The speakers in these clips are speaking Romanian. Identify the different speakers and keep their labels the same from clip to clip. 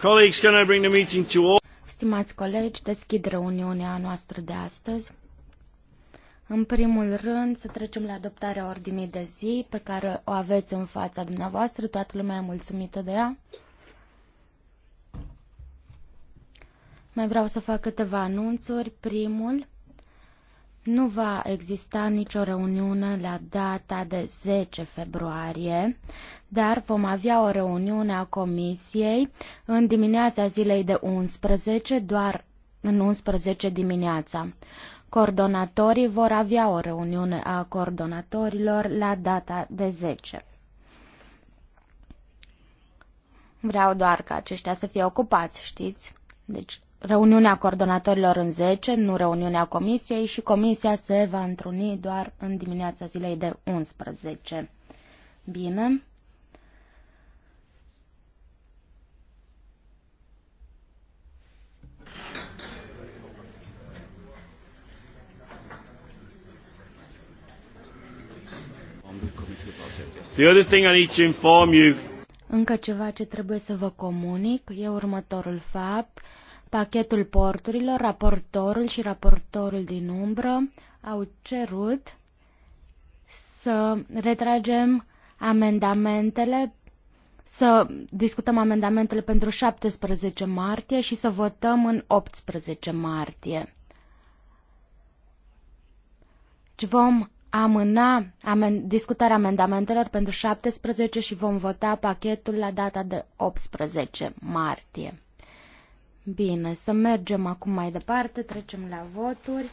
Speaker 1: Colleagues, can I bring the meeting to all?
Speaker 2: Stimați colegi, deschid reuniunea noastră de astăzi. În primul rând, să trecem la adoptarea ordinii de zi pe care o aveți în fața dumneavoastră. Toată lumea e mulțumită de ea. Mai vreau să fac câteva anunțuri. Primul, nu va exista nicio reuniune la data de 10 februarie, dar vom avea o reuniune a comisiei în dimineața zilei de 11, doar în 11 dimineața. Coordonatorii vor avea o reuniune a coordonatorilor la data de 10. Vreau doar ca aceștia să fie ocupați, știți? Deci reuniunea coordonatorilor în 10, nu reuniunea comisiei și comisia se va întruni doar în dimineața zilei de 11. Bine.
Speaker 1: The other thing I need to inform you.
Speaker 2: Încă ceva ce trebuie să vă comunic e următorul fapt pachetul porturilor, raportorul și raportorul din umbră au cerut să retragem amendamentele, să discutăm amendamentele pentru 17 martie și să votăm în 18 martie. Deci vom amâna amen, discutarea amendamentelor pentru 17 și vom vota pachetul la data de 18 martie. Bine, să mergem acum mai departe, trecem la voturi.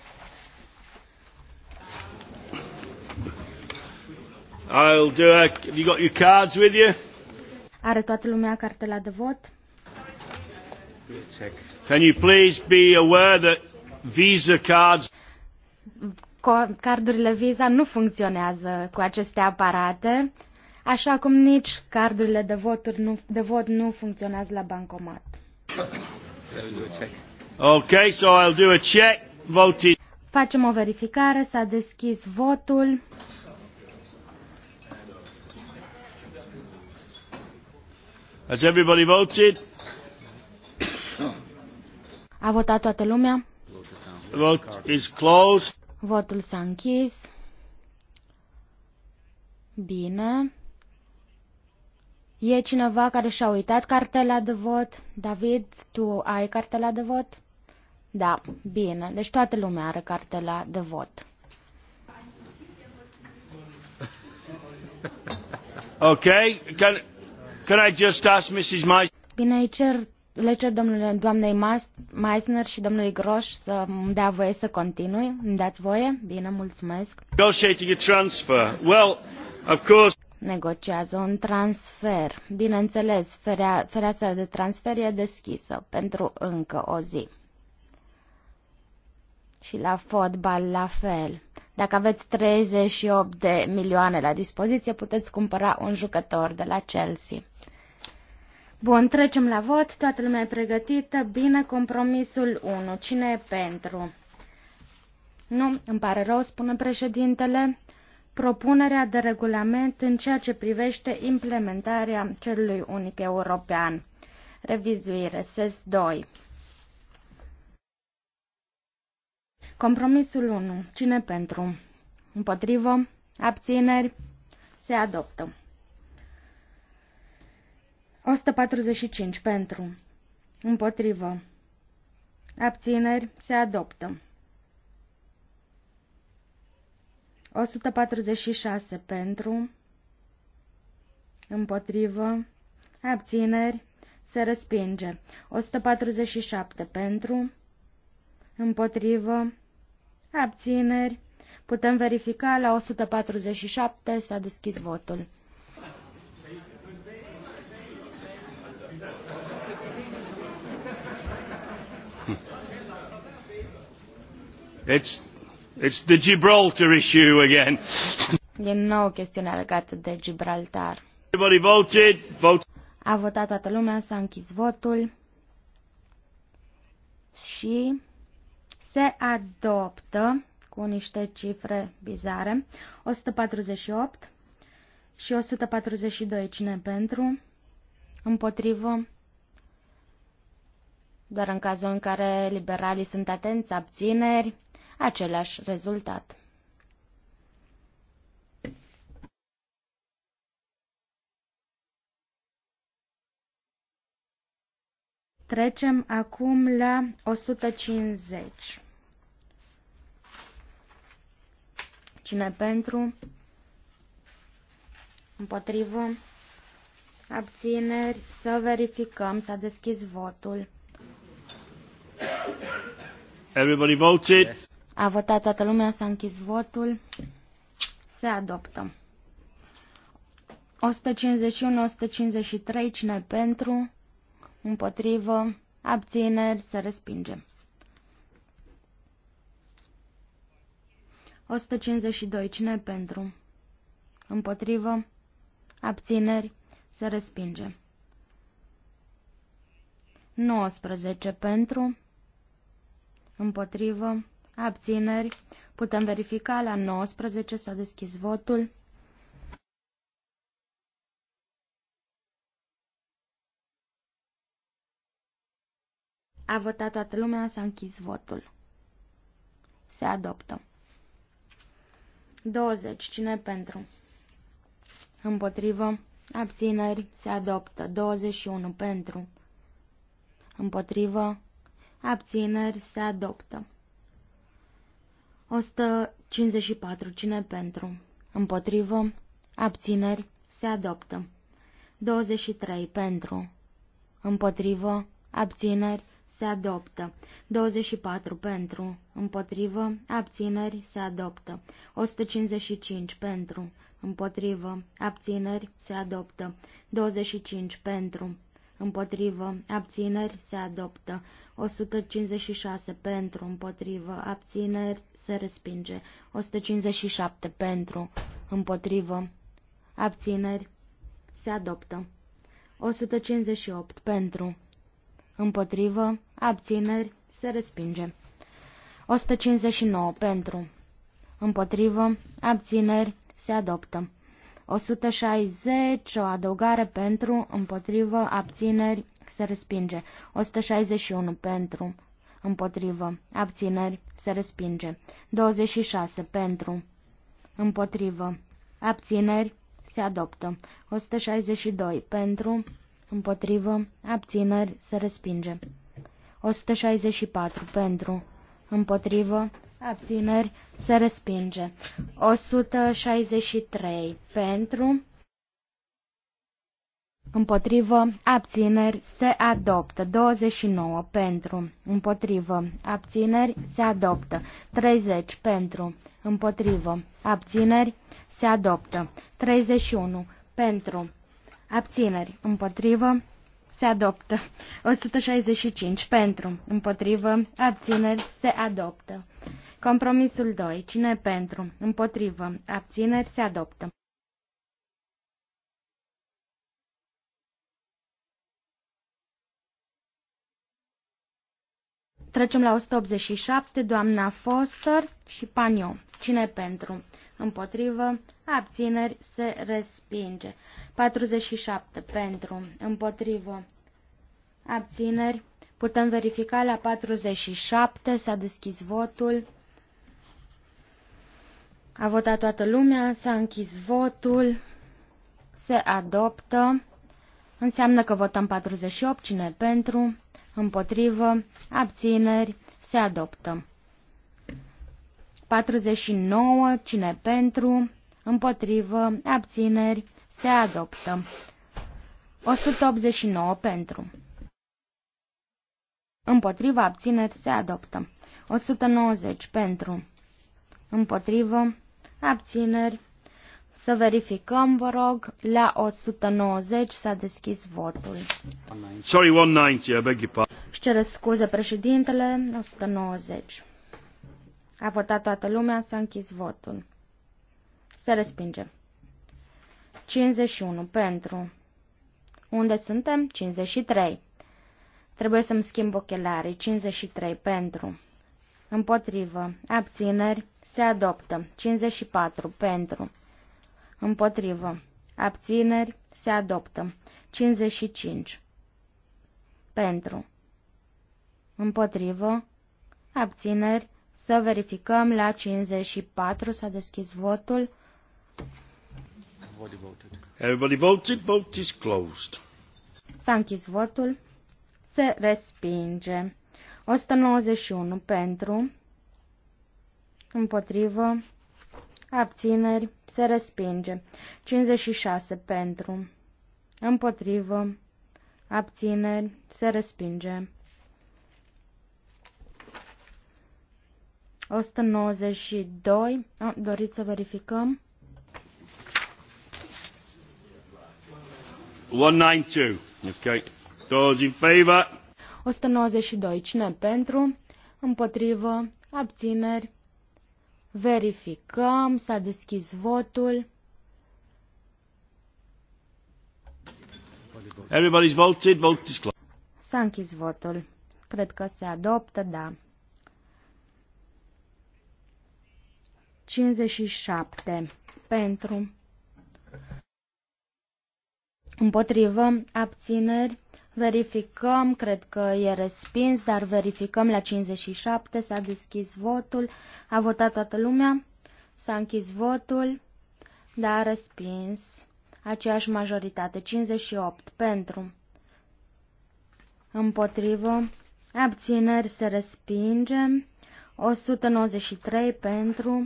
Speaker 1: I'll do a, have you got your
Speaker 2: cards with you? Are toată lumea cartela de vot?
Speaker 1: Can you please be aware that Visa cards
Speaker 2: cardurile Visa nu funcționează cu aceste aparate, așa cum nici cardurile de, voturi nu, de vot nu funcționează la bancomat.
Speaker 1: Okay, so I'll do a check. Voted.
Speaker 2: Facem o verificare, s-a deschis votul.
Speaker 1: Has everybody voted?
Speaker 2: A votat toată lumea?
Speaker 1: vote is closed.
Speaker 2: Votul s-a închis. Bine. E cineva care și-a uitat cartela de vot? David, tu ai cartela de vot? Da, bine. Deci toată lumea are cartela de vot.
Speaker 1: Ok, can, can I just ask Mrs. Mais-
Speaker 2: Bine, îi cer, le cer domnule, doamnei Meisner și domnului Groș să îmi dea voie să continui. Îmi dați voie? Bine, mulțumesc.
Speaker 1: Negotiating a transfer. Well, of course
Speaker 2: negociază un transfer. Bineînțeles, ferea, fereastra de transfer e deschisă pentru încă o zi. Și la fotbal la fel. Dacă aveți 38 de milioane la dispoziție, puteți cumpăra un jucător de la Chelsea. Bun, trecem la vot. Toată lumea e pregătită. Bine, compromisul 1. Cine e pentru? Nu, îmi pare rău, spune președintele propunerea de regulament în ceea ce privește implementarea celui unic european. Revizuire SES 2 Compromisul 1. Cine pentru? Împotrivă? Abțineri? Se adoptă. 145 pentru. Împotrivă. Abțineri se adoptă. 146 pentru, împotrivă, abțineri, se respinge. 147 pentru, împotrivă, abțineri. Putem verifica la 147 s-a deschis votul.
Speaker 1: Jetzt It's the Gibraltar issue again.
Speaker 2: Din nou chestiunea legată de Gibraltar. Everybody voted. Vote. A votat toată lumea, s-a închis votul și se adoptă cu niște cifre bizare 148 și 142 cine pentru, împotrivă, doar în cazul în care liberalii sunt atenți, abțineri, același rezultat. Trecem acum la 150. Cine pentru? Împotrivă? Abțineri? Să verificăm. S-a deschis votul.
Speaker 1: Everybody voted. Yes.
Speaker 2: A votat toată lumea, s-a închis votul. Se adoptă. 151, 153, cine pentru, împotrivă, abțineri, se respinge. 152, cine pentru, împotrivă, abțineri, se respinge. 19 pentru, împotrivă, Abțineri. Putem verifica la 19 s-a deschis votul. A votat toată lumea, s-a închis votul. Se adoptă. 20. Cine pentru? Împotrivă. Abțineri. Se adoptă. 21. Pentru. Împotrivă. Abțineri. Se adoptă. 154. Cine pentru? Împotrivă? Abțineri? Se adoptă. 23. Pentru? Împotrivă? Abțineri? Se adoptă. 24. Pentru? Împotrivă? Abțineri? Se adoptă. 155. Pentru? Împotrivă? Abțineri? Se adoptă. 25. Pentru? împotrivă, abțineri se adoptă. 156 pentru, împotrivă, abțineri se respinge. 157 pentru, împotrivă, abțineri se adoptă. 158 pentru, împotrivă, abțineri se respinge. 159 pentru, împotrivă, abțineri se adoptă. 160, o adăugare pentru, împotrivă, abțineri, se respinge. 161 pentru, împotrivă, abțineri, se respinge. 26 pentru, împotrivă, abțineri, se adoptă. 162 pentru, împotrivă, abțineri, se respinge. 164 pentru, împotrivă, abțineri, se respinge. 163 pentru, împotrivă, abțineri, se adoptă. 29 pentru, împotrivă, abțineri, se adoptă. 30 pentru, împotrivă, abțineri, se adoptă. 31 pentru, abțineri, împotrivă, se adoptă. 165 pentru, împotrivă, abțineri, se adoptă. Compromisul 2. Cine pentru, împotrivă, abțineri, se adoptă. Trecem la 187, doamna Foster și Panion. Cine pentru? împotrivă, abțineri, se respinge. 47 pentru, împotrivă, abțineri, putem verifica la 47, s-a deschis votul. A votat toată lumea, s-a închis votul, se adoptă, înseamnă că votăm 48, cine pentru, împotrivă, abțineri, se adoptă. 49, cine pentru, împotrivă, abțineri, se adoptă. 189 pentru. Împotrivă, abțineri, se adoptă. 190 pentru. Împotrivă, abțineri. Să verificăm, vă rog, la 190 s-a deschis votul.
Speaker 1: Sorry, 190, I beg your pardon.
Speaker 2: Își cere scuze președintele, 190. A votat toată lumea, s-a închis votul. Se respinge. 51 pentru. Unde suntem? 53. Trebuie să-mi schimb ochelarii. 53 pentru. Împotrivă. Abțineri. Se adoptă. 54 pentru. Împotrivă. Abțineri. Se adoptă. 55 pentru. Împotrivă. Abțineri. Să verificăm la 54 s-a deschis votul.
Speaker 1: Everybody voted. Everybody voted. Vote is closed.
Speaker 2: S-a închis votul. Se respinge. 191 pentru, împotrivă, abțineri, se respinge. 56 pentru, împotrivă, abțineri, se respinge. 192. Ah, doriți să verificăm?
Speaker 1: 192. Okay. Those in favor.
Speaker 2: 192. Cine pentru? Împotrivă. Abțineri. Verificăm. S-a deschis votul.
Speaker 1: Everybody's voted. Vote is closed.
Speaker 2: S-a închis votul. Cred că se adoptă, da. 57. Pentru. Împotrivă. Abțineri. Verificăm, cred că e respins, dar verificăm la 57, s-a deschis votul, a votat toată lumea, s-a închis votul, a da, respins, aceeași majoritate, 58, pentru, împotrivă, abțineri se respinge, 193 pentru,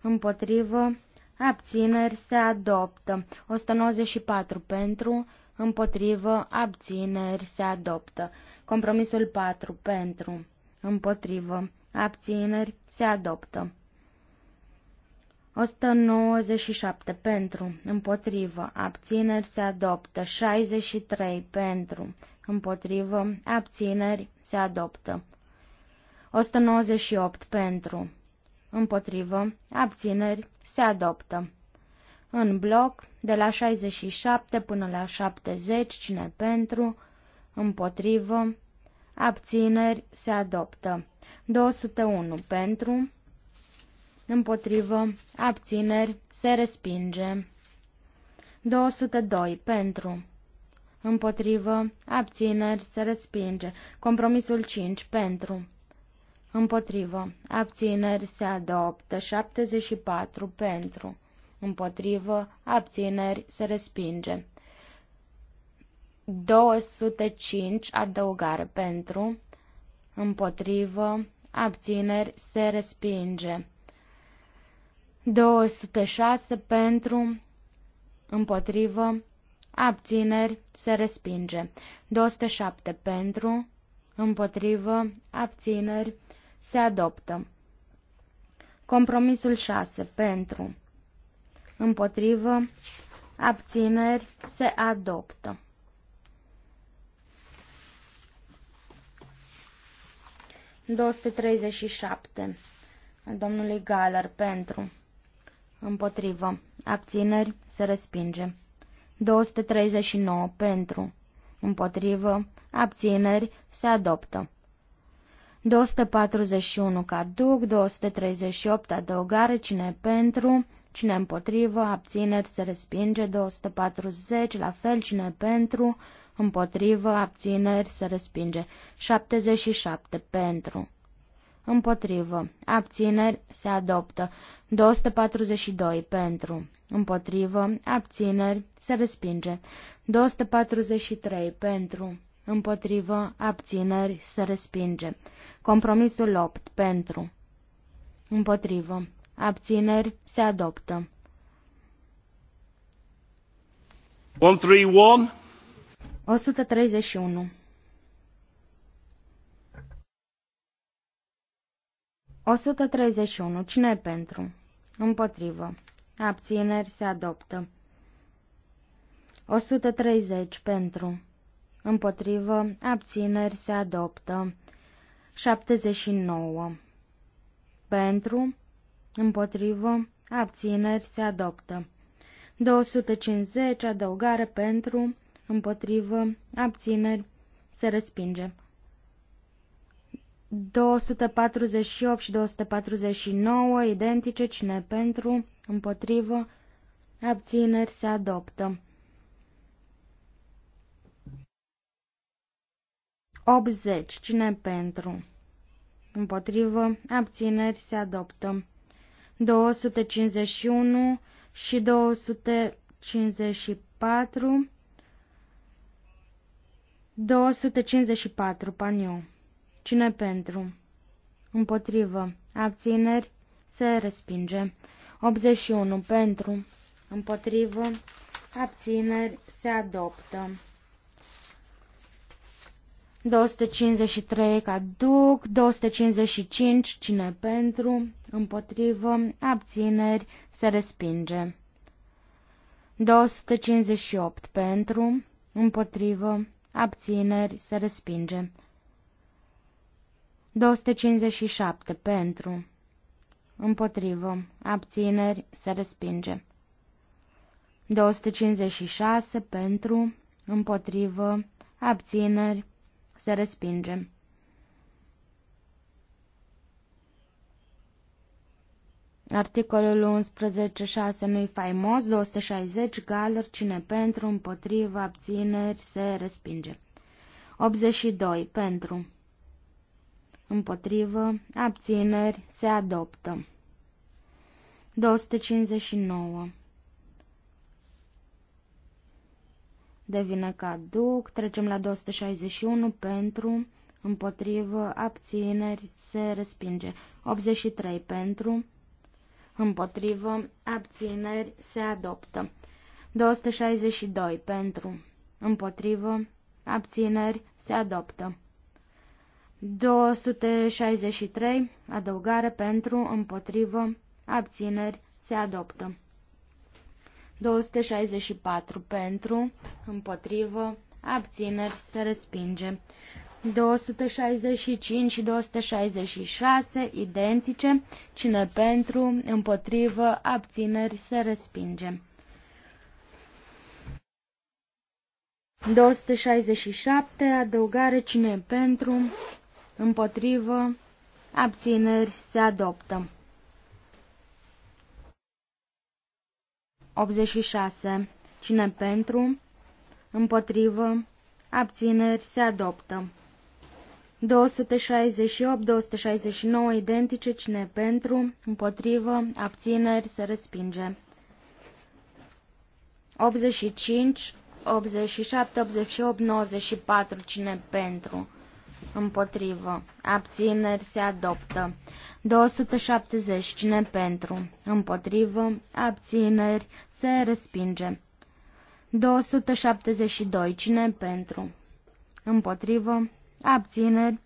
Speaker 2: împotrivă, abțineri se adoptă. 194 pentru, împotrivă, abțineri se adoptă. Compromisul 4 pentru, împotrivă, abțineri se adoptă. 197 pentru, împotrivă, abțineri se adoptă, 63 pentru, împotrivă, abțineri se adoptă, 198 pentru, împotrivă, abțineri, se adoptă. În bloc, de la 67 până la 70, cine pentru, împotrivă, abțineri, se adoptă. 201 pentru, împotrivă, abțineri, se respinge. 202 pentru, împotrivă, abțineri, se respinge. Compromisul 5 pentru. Împotrivă. Abțineri se adoptă. 74 pentru. Împotrivă. Abțineri se respinge. 205 adăugare pentru. Împotrivă. Abțineri se respinge. 206 pentru. Împotrivă. Abțineri se respinge. 207 pentru. Împotrivă. Abțineri se se adoptă. Compromisul 6. Pentru. Împotrivă. Abțineri. Se adoptă. șapte. Domnului Galer. Pentru. Împotrivă. Abțineri. Se respinge. 239. Pentru. Împotrivă. Abțineri. Se adoptă. 241 caduc, 238 adăugare, cine pentru, cine împotrivă, abțineri se respinge, 240 la fel, cine pentru, împotrivă, abțineri se respinge, 77 pentru. Împotrivă. Abțineri se adoptă. 242 pentru. Împotrivă. Abțineri se respinge. 243 pentru împotrivă, abțineri, se respinge. Compromisul 8, pentru, împotrivă, abțineri, se adoptă. 131. 131. 131. Cine e pentru? Împotrivă. Abțineri se adoptă. 130. Pentru împotrivă, abțineri se adoptă. 79. Pentru, împotrivă, abțineri se adoptă. 250 adăugare pentru, împotrivă, abțineri se respinge. 248 și 249 identice cine pentru, împotrivă, abțineri se adoptă. 80. Cine pentru? Împotrivă. Abțineri se adoptă. 251 și 254. 254. Paniu. Cine pentru? Împotrivă. Abțineri se respinge. 81. Pentru. Împotrivă. Abțineri se adoptă. 253 caduc, 255 cine pentru, împotrivă, abțineri, se respinge. 258 pentru, împotrivă, abțineri, se respinge. 257 pentru, împotrivă, abțineri, se respinge. 256 pentru, împotrivă, abțineri, se respinge. Articolul 11, 6 nu-i faimos, 260, galer, cine pentru, împotriva, abțineri, se respinge. 82, pentru, împotrivă, abțineri, se adoptă. 259. devine caduc. Trecem la 261 pentru, împotrivă, abțineri, se respinge. 83 pentru, împotrivă, abțineri, se adoptă. 262 pentru, împotrivă, abțineri, se adoptă. 263, adăugare pentru, împotrivă, abțineri, se adoptă. 264 pentru, împotrivă, abțineri, se respinge. 265 și 266 identice, cine pentru, împotrivă, abțineri, se respinge. 267, adăugare, cine pentru, împotrivă, abțineri, se adoptă. 86. Cine pentru? Împotrivă. Abțineri se adoptă. 268, 269 identice, cine pentru, împotrivă, abțineri, se respinge. 85, 87, 88, 94, cine pentru, împotrivă, abțineri, se adoptă. 270. Cine pentru? Împotrivă. Abțineri. Se respinge. 272. Cine pentru? Împotrivă. Abțineri.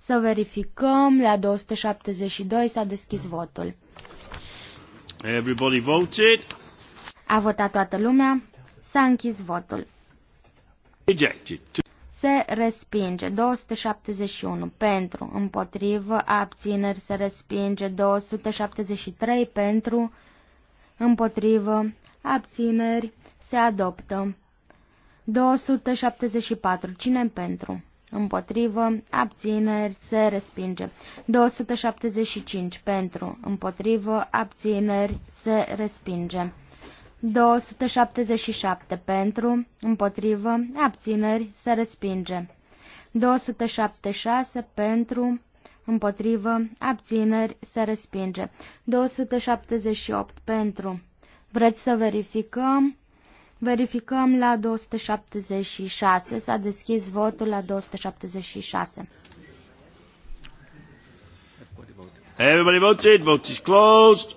Speaker 2: Să verificăm. La 272 s-a deschis votul.
Speaker 1: Everybody voted.
Speaker 2: A votat toată lumea. S-a închis votul. Ejected. Se respinge 271 pentru, împotrivă, abțineri se respinge 273 pentru, împotrivă, abțineri se adoptă. 274. Cine pentru? Împotrivă, abțineri, se respinge. 275. Pentru, împotrivă, abțineri, se respinge. 277 pentru, împotrivă, abțineri, se respinge. 276 pentru, împotrivă, abțineri, se respinge. 278 pentru. Vreți să verificăm? Verificăm la 276. S-a deschis votul la 276.
Speaker 1: Everybody voted. Vote is closed.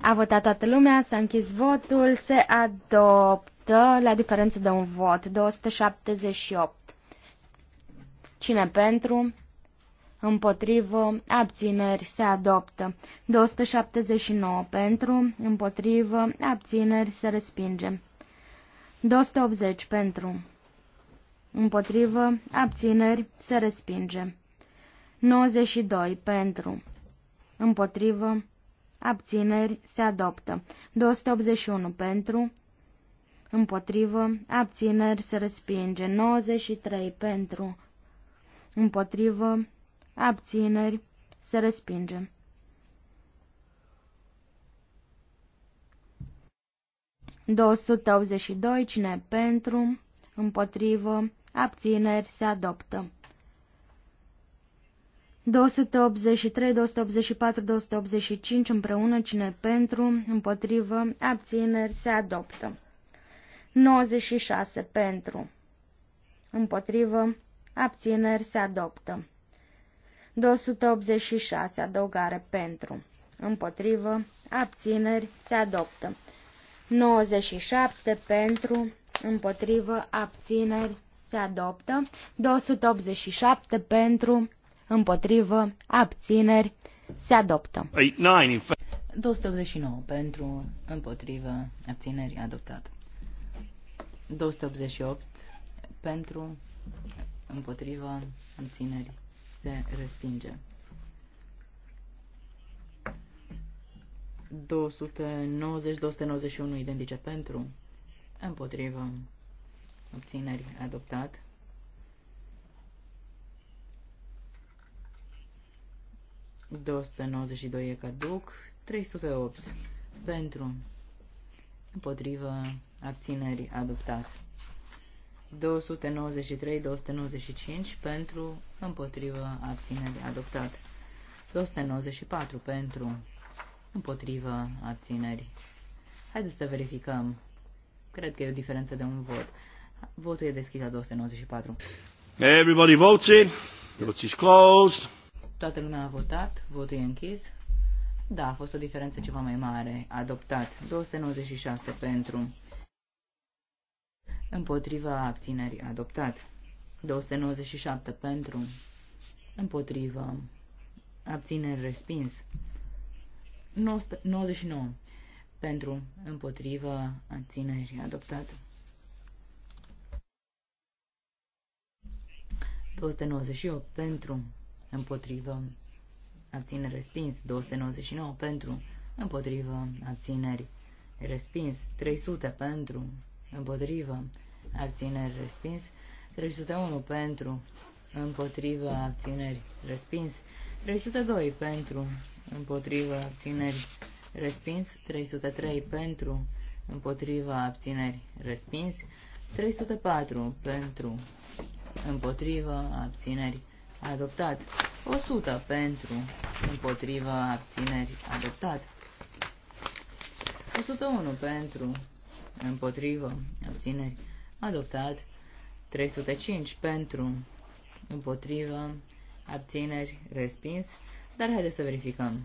Speaker 2: A votat toată lumea, s-a închis votul, se adoptă la diferență de un vot, 278. Cine pentru? Împotrivă, abțineri, se adoptă. 279 pentru, împotrivă, abțineri, se respinge. 280 pentru, împotrivă, abțineri, se respinge. 92 pentru, împotrivă, abțineri, se adoptă. 281 pentru, împotrivă, abțineri, se respinge. 93 pentru, împotrivă, abțineri, se respinge. Două cine pentru, împotrivă, abțineri, se adoptă. 283, 284, 285 împreună, cine pentru, împotrivă, abțineri, se adoptă. 96 pentru, împotrivă, abțineri, se adoptă. 286, adăugare pentru, împotrivă, abțineri, se adoptă. 97 pentru, împotrivă, abțineri, se adoptă. 287 pentru, împotrivă, abțineri, se adoptă.
Speaker 1: 289
Speaker 3: pentru, împotrivă, abțineri, adoptat. 288 pentru, împotrivă, abțineri, se respinge. 290-291 identice pentru, împotrivă, obțineri adoptat. 292 e caduc, 308 pentru, împotrivă, abținerii adoptat. 293-295 pentru, împotrivă, abținerii adoptat. 294 pentru, împotrivă, abținerii. Haideți să verificăm. Cred că e o diferență de un vot. Votul e deschis la 294.
Speaker 1: Everybody votes in. The vote is closed.
Speaker 3: Toată lumea a votat, votul e închis. Da, a fost o diferență ceva mai mare. Adoptat 296 pentru. Împotriva abținerii. Adoptat 297 pentru. Împotriva abțineri respins. 99 pentru. Împotriva abținerii. Adoptat 298 pentru împotrivă, abțineri respins, 299 pentru, împotrivă, abțineri respins, 300 pentru, împotrivă, abțineri respins, 301 pentru, împotrivă, abțineri respins, 302 pentru, împotrivă, abțineri respins, 303 pentru, împotrivă, abțineri respins, 304 pentru împotrivă, abțineri adoptat. 100 pentru, împotrivă, abțineri, adoptat. 101 pentru, împotrivă, abțineri, adoptat. 305 pentru, împotrivă, abțineri, respins. Dar haideți să verificăm.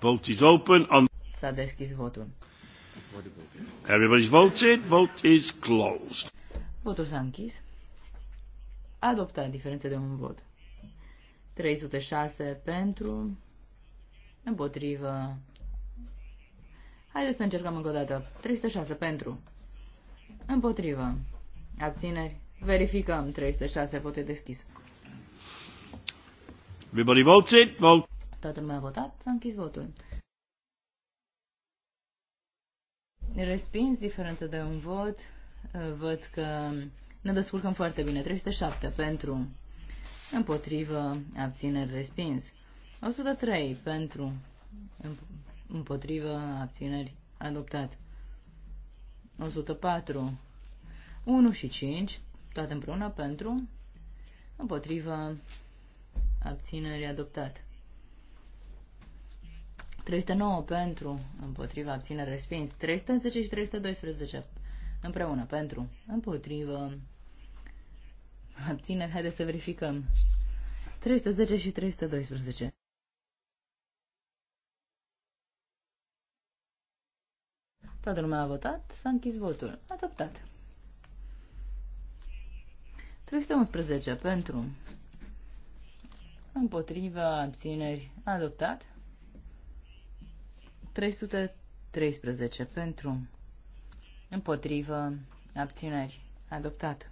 Speaker 1: Vote is open on... S-a deschis votul. Everybody's voted. Vote is closed.
Speaker 3: Votul s-a închis. Adoptat diferența de un vot. 306 pentru, împotrivă. Haideți să încercăm încă o dată. 306 pentru, împotrivă. Abțineri. Verificăm 306, vote deschis.
Speaker 1: Everybody votes it. Vote.
Speaker 3: Toată lumea a votat, s-a închis votul. Respins diferență de un vot. Văd că ne descurcăm foarte bine. 307 pentru împotrivă, abțineri, respins. 103 pentru, împotrivă, abțineri, adoptat. 104, 1 și 5, toate împreună pentru, împotrivă, abțineri, adoptat. 309 pentru, împotriva, abțineri, respins. 310 și 312 împreună pentru, împotrivă, Abțineri, haideți să verificăm. 310 și 312. Toată lumea a votat, s-a închis votul. Adoptat. 311 pentru împotriva abțineri adoptat 313 pentru împotriva abțineri adoptat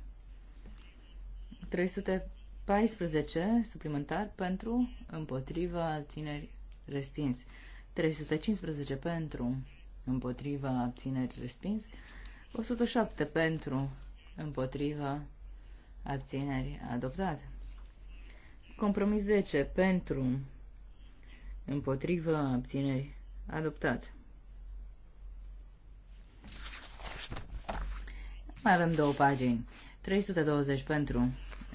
Speaker 3: 314 suplimentar pentru, împotriva, abțineri, respins. 315 pentru, împotriva, abțineri, respins. 107 pentru, împotriva, abțineri, adoptat. Compromis 10 pentru, împotriva, abțineri, adoptat. Mai avem două pagini. 320 pentru,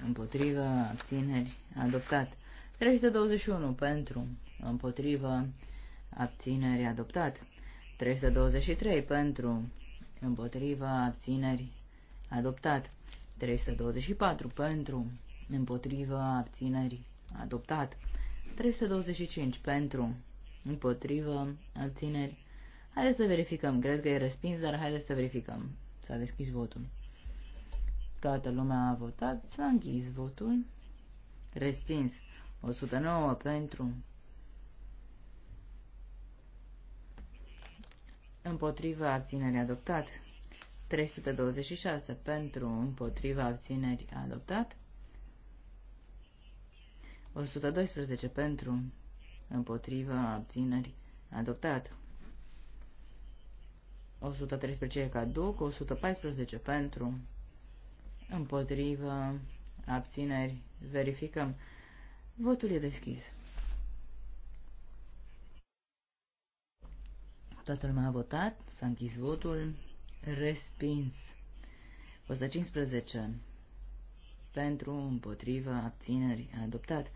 Speaker 3: împotrivă, abțineri, adoptat. 321 pentru, împotrivă, abțineri, adoptat. 323 pentru, împotrivă, abțineri, adoptat. 324 pentru, împotrivă, abțineri, adoptat. 325 pentru, împotrivă, abțineri. Haideți să verificăm, cred că e respins, dar haideți să verificăm. S-a deschis votul. Toată lumea a votat, s-a închis votul. Respins. 109 pentru. Împotriva abținerii adoptat. 326 pentru împotriva abținerii adoptat. 112 pentru împotriva abținerii adoptat. 113 caduc, 114 pentru împotrivă, abțineri, verificăm. Votul e deschis. Toată lumea a votat, s-a închis votul, respins. 115 pentru, împotrivă, abțineri, adoptat.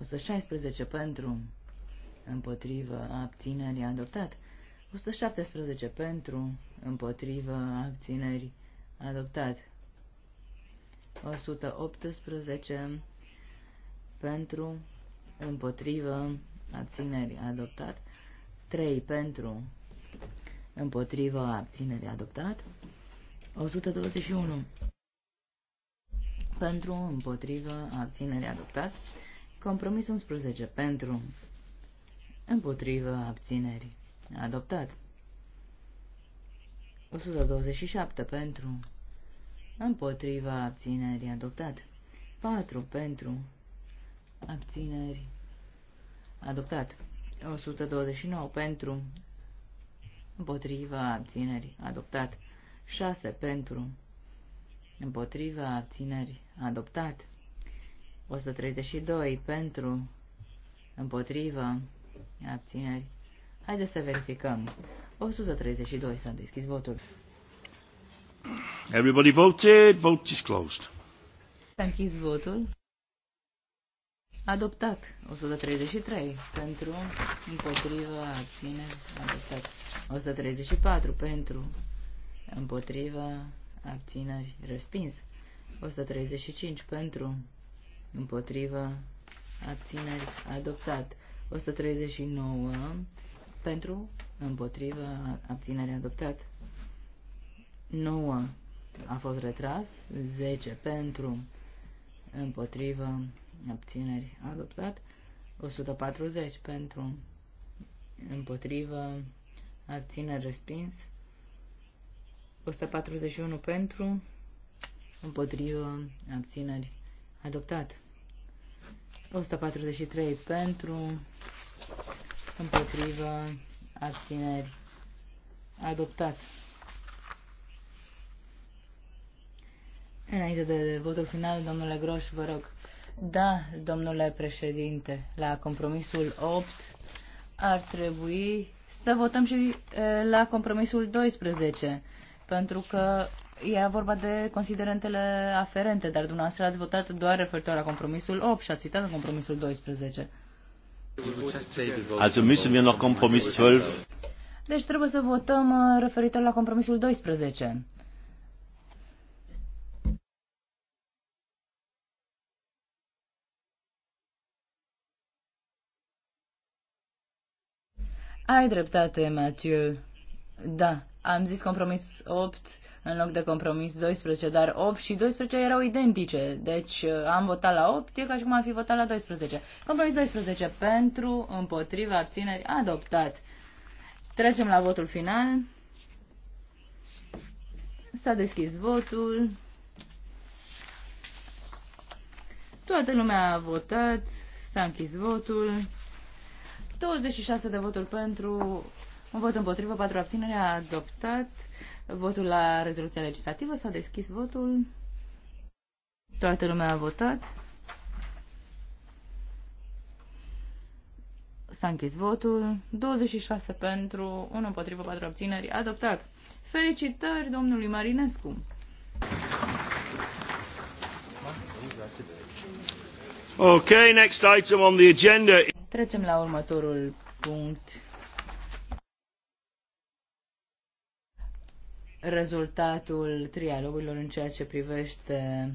Speaker 3: 116 pentru, împotrivă, abțineri, adoptat. 117 pentru, împotrivă, abțineri, adoptat. 118 pentru, împotrivă, abțineri adoptat, 3 pentru, împotrivă, abțineri adoptat, 121 pentru, împotrivă, abțineri adoptat. Compromis 11 pentru, împotrivă, abțineri adoptat. 127 pentru, împotriva abținerii adoptate. 4 pentru abțineri adoptat. 129 pentru împotriva abținerii adoptat. 6 pentru împotriva abținerii adoptat. 132 pentru împotriva abținerii. Haideți să verificăm. 132 s-a deschis votul.
Speaker 1: Everybody voted. Vote is closed.
Speaker 3: s închis votul. Adoptat. 133 pentru, împotrivă, abține, adoptat. 134 pentru, împotrivă, abțineri, respins. 135 pentru, împotrivă, abțineri, adoptat. 139 pentru, împotrivă, abținere, adoptat. 9 a fost retras, 10 pentru, împotrivă, abțineri, adoptat, 140 pentru, împotrivă, abțineri, respins, 141 pentru, împotrivă, abțineri, adoptat, 143 pentru, împotrivă, abțineri, adoptat. Înainte de votul final, domnule Groș, vă rog. Da, domnule președinte, la compromisul 8 ar trebui să votăm și la compromisul 12, pentru că e vorba de considerentele aferente, dar dumneavoastră ați votat doar referitor la compromisul 8 și ați citat în compromisul 12.
Speaker 1: Also müssen wir noch Kompromiss 12.
Speaker 3: Deci trebuie să votăm uh, referitor la compromisul 12. Ai dreptate, Mathieu. Da, am zis compromis 8 în loc de compromis 12, dar 8 și 12 erau identice. Deci uh, am votat la 8, e ca și cum am fi votat la 12. Compromis 12 pentru, împotriva, abțineri, adoptat. Trecem la votul final. S-a deschis votul. Toată lumea a votat, s-a închis votul. 26 de voturi pentru, un vot împotrivă, 4 abținere, a adoptat votul la rezoluția legislativă, s-a deschis votul, toată lumea a votat, s-a închis votul, 26 pentru, 1 împotrivă, 4 abțineri, adoptat. Felicitări domnului Marinescu!
Speaker 1: Okay, next item on the agenda. Trecem la următorul punct.
Speaker 3: Rezultatul trialogurilor în ceea ce privește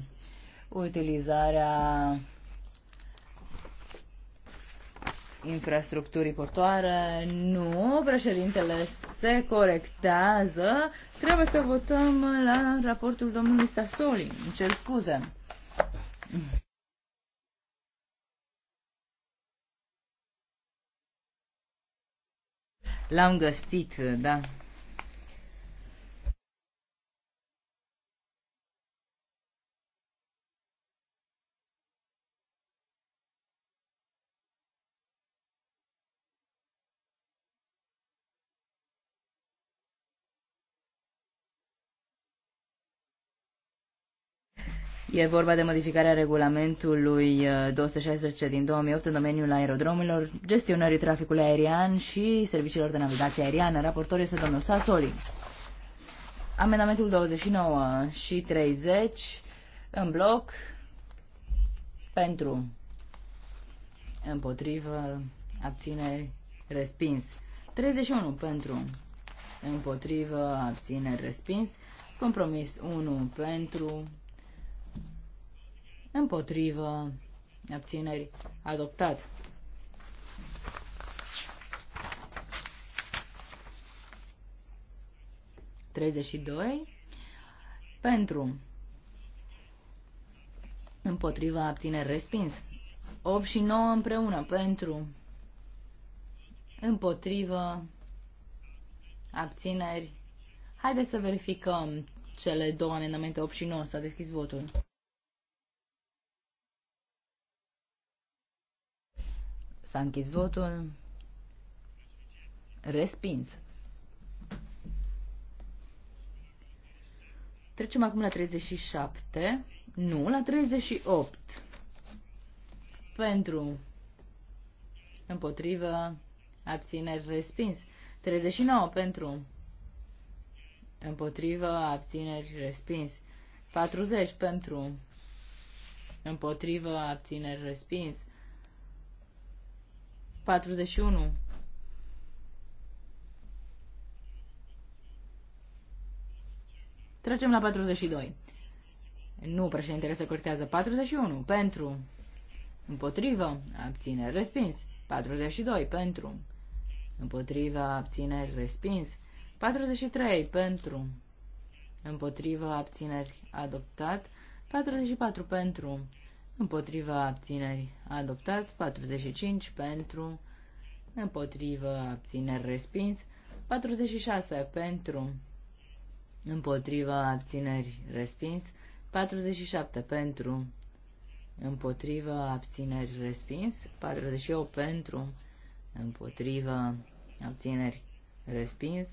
Speaker 3: utilizarea infrastructurii portoare. Nu, președintele se corectează. Trebuie să votăm la raportul domnului Sassoli. Îmi cer scuze. L-am găsit, da. E vorba de modificarea regulamentului 216 uh, din 2008 în domeniul aerodromelor, gestionării traficului aerian și serviciilor de navigație aeriană. Raportor este domnul Sasoli. Amendamentul 29 și 30 în bloc pentru împotrivă abțineri respins. 31 pentru împotrivă abțineri respins. Compromis 1 pentru împotrivă, abțineri, adoptat. pentru împotriva abțineri respins. 8 și 9 împreună pentru împotrivă abțineri. Haideți să verificăm cele două amendamente 8 și 9. S-a deschis votul. S-a închis votul. Respins. Trecem acum la 37. Nu, la 38. Pentru. Împotrivă. Abțineri respins. 39 pentru. Împotrivă. Abțineri respins. 40 pentru. Împotrivă. Abțineri respins. 41. Trecem la 42. Nu, președintele se cortează. 41. Pentru. Împotrivă. Abțineri. Respins. 42. Pentru. Împotrivă. Abțineri. Respins. 43. Pentru. Împotrivă. Abțineri. Adoptat. 44. Pentru împotriva abțineri adoptat, 45 pentru, împotriva abțineri respins, 46 pentru, împotriva abțineri respins, 47 pentru, împotriva abțineri respins, 48 pentru, împotriva abțineri respins,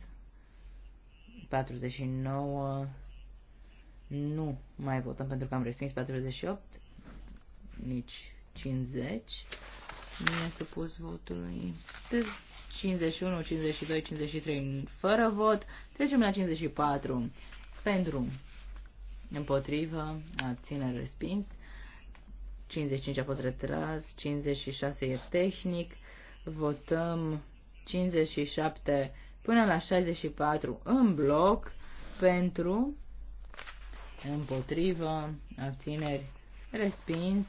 Speaker 3: 49 nu mai votăm pentru că am respins 48 nici 50. Nu e supus votului. 51, 52, 53 fără vot. Trecem la 54. Pentru, împotrivă, abține, respins. 55 a fost retras, 56 e tehnic. Votăm 57 până la 64 în bloc pentru, împotrivă, abțineri respins.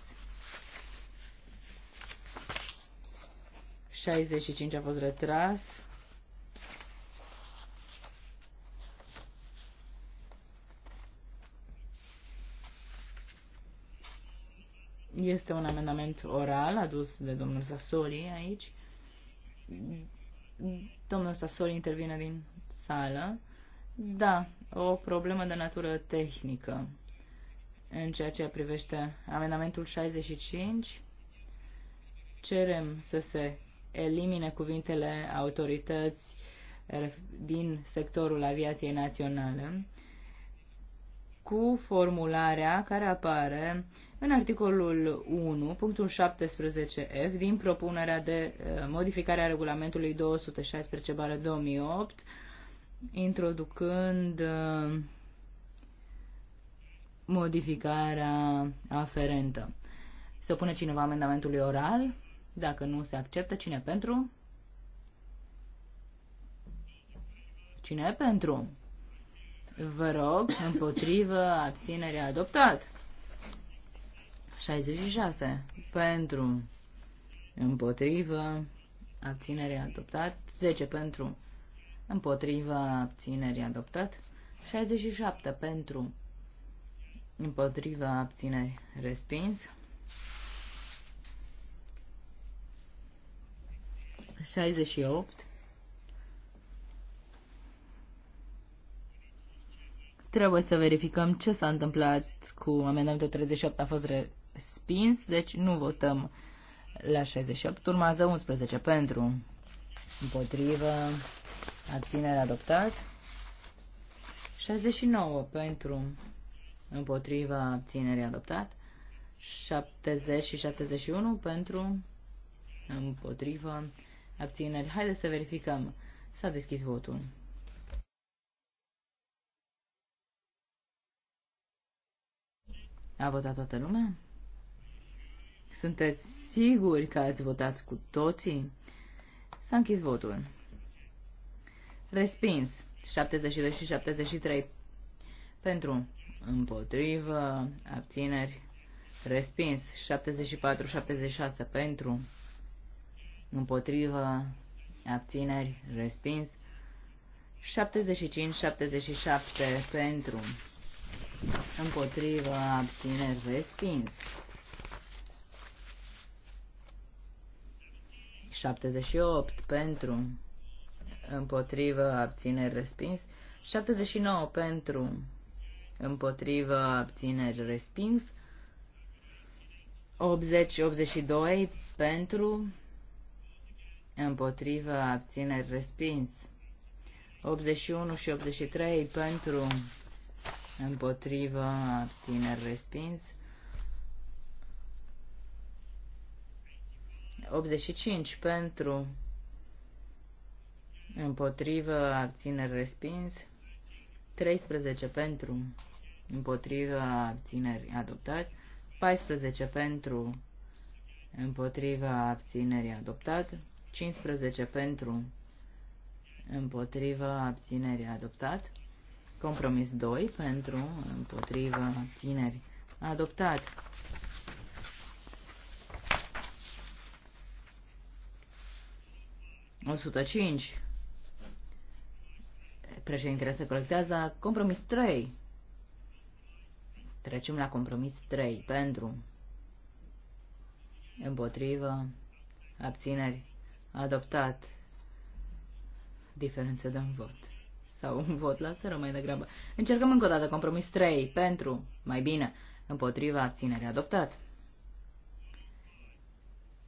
Speaker 3: 65 a fost retras. Este un amendament oral adus de domnul Sassoli aici. Domnul Sassoli intervine din sală. Da, o problemă de natură tehnică în ceea ce privește amendamentul 65. Cerem să se elimine cuvintele autorități din sectorul aviației naționale cu formularea care apare în articolul 1, punctul 17F din propunerea de eh, modificare a regulamentului 216-2008, introducând eh, modificarea aferentă. Se opune cineva amendamentului oral? Dacă nu se acceptă, cine pentru? Cine pentru? Vă rog, împotrivă, abținere adoptat. 66. Pentru. Împotrivă, abținere adoptat. 10 pentru. Împotrivă, abținere adoptat. 67 pentru. Împotrivă, abținere respins. 68. Trebuie să verificăm ce s-a întâmplat cu amendamentul 38. A fost respins, deci nu votăm la 68. Urmează 11 pentru, împotrivă, abținere adoptat. 69 pentru, Împotrivă. Abținere adoptat, 70 și 71 pentru Împotrivă. Abțineri. Haideți să verificăm. S-a deschis votul. A votat toată lumea? Sunteți siguri că ați votat cu toții? S-a închis votul. Respins. 72 și 73. Pentru. Împotrivă. Abțineri. Respins. 74-76. Pentru împotrivă, abțineri, respins. 75-77 pentru, împotrivă, abțineri, respins. 78 pentru, împotrivă, abțineri, respins. 79 pentru, împotrivă, abțineri, respins. 80-82 pentru, împotrivă, abțineri, respins. 81 și 83 pentru, împotrivă, abțineri, respins. 85 pentru, împotrivă, abțineri, respins. 13 pentru, împotrivă, abțineri, adoptat. 14 pentru, împotriva abținerii adoptat, 15 pentru, împotrivă, abțineri, adoptat. Compromis 2 pentru, împotrivă, abțineri, adoptat. O cinci. Președintele se colectează compromis 3. Trecem la compromis 3 pentru împotrivă abțineri adoptat diferență de un vot. Sau un vot la sără mai degrabă. Încercăm încă o dată compromis 3 pentru, mai bine, împotriva abținere adoptat.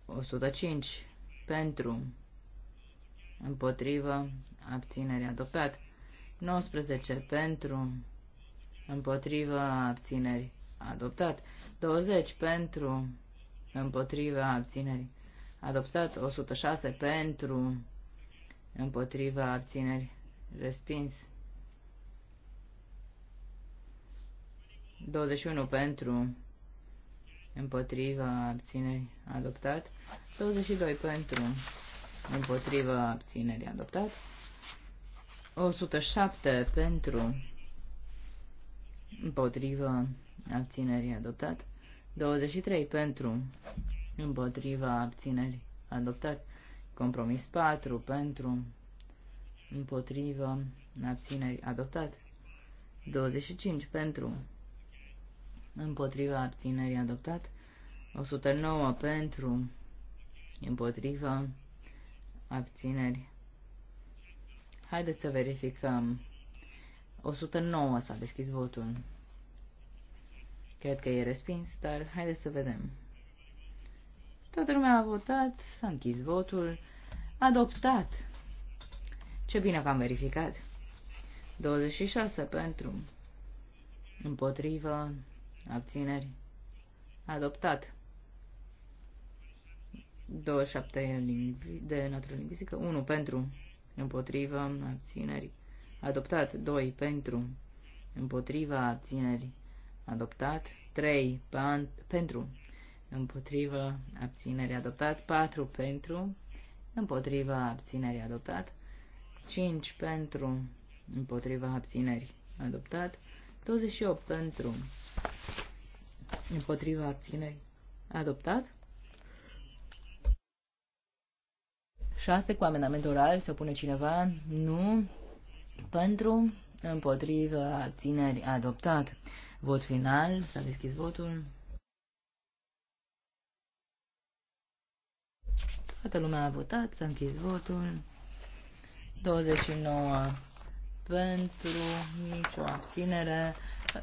Speaker 3: 105 pentru, împotriva abținere adoptat. 19 pentru, împotriva abțineri adoptat. 20 pentru, împotriva abținerii adoptat, 106 pentru, împotriva abțineri, respins, 21 pentru, împotriva abțineri, adoptat, 22 pentru, împotriva abțineri, adoptat, 107 pentru, împotriva abținerii, adoptat, 23 pentru, împotriva abținerii adoptat. Compromis 4 pentru împotriva abținerii adoptat. 25 pentru împotriva abținerii adoptat. 109 pentru împotriva abținerii. Haideți să verificăm. 109 s-a deschis votul. Cred că e respins, dar haideți să vedem. Toată lumea a votat, s-a închis votul, adoptat. Ce bine că am verificat. 26 pentru, împotrivă, abțineri, adoptat. 27 de natură lingvistică, 1 pentru, împotrivă, abțineri, adoptat, 2 pentru, împotriva abțineri, adoptat, 3 pentru, împotrivă, abținere adoptat, 4 pentru, împotrivă, abținere adoptat, 5 pentru, împotrivă, abțineri adoptat, 28 pentru, împotrivă, abțineri adoptat, 6 cu amendament oral, se opune cineva, nu, pentru, împotrivă, abțineri adoptat, vot final, s-a deschis votul. Toată lumea a votat, s-a închis votul. 29 pentru, nicio abținere.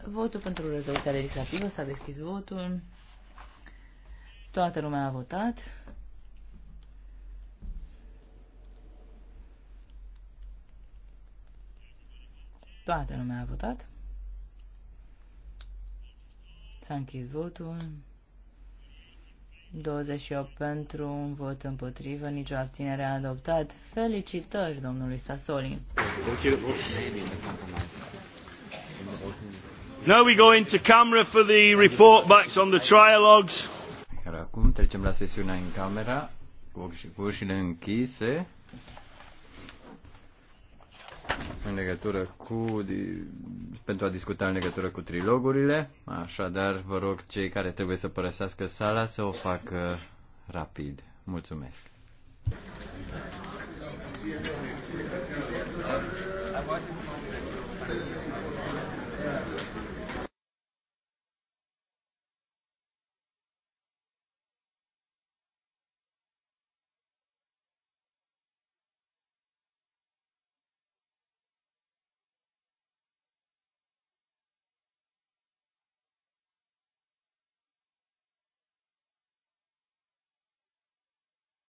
Speaker 3: Votul pentru rezoluția legislativă s-a deschis votul. Toată lumea a votat. Toată lumea a votat. S-a închis votul. 28 pentru, un vot împotrivă, nicio abținere a adoptat. Felicitări domnului Sasoli.
Speaker 1: Now we go into camera for the report backs on the trialogues. Acum trecem la sesiunea în camera,
Speaker 3: cu ușile închise în legătură cu, pentru a discuta în legătură cu trilogurile. Așadar, vă rog cei care trebuie să părăsească sala să o facă rapid. Mulțumesc.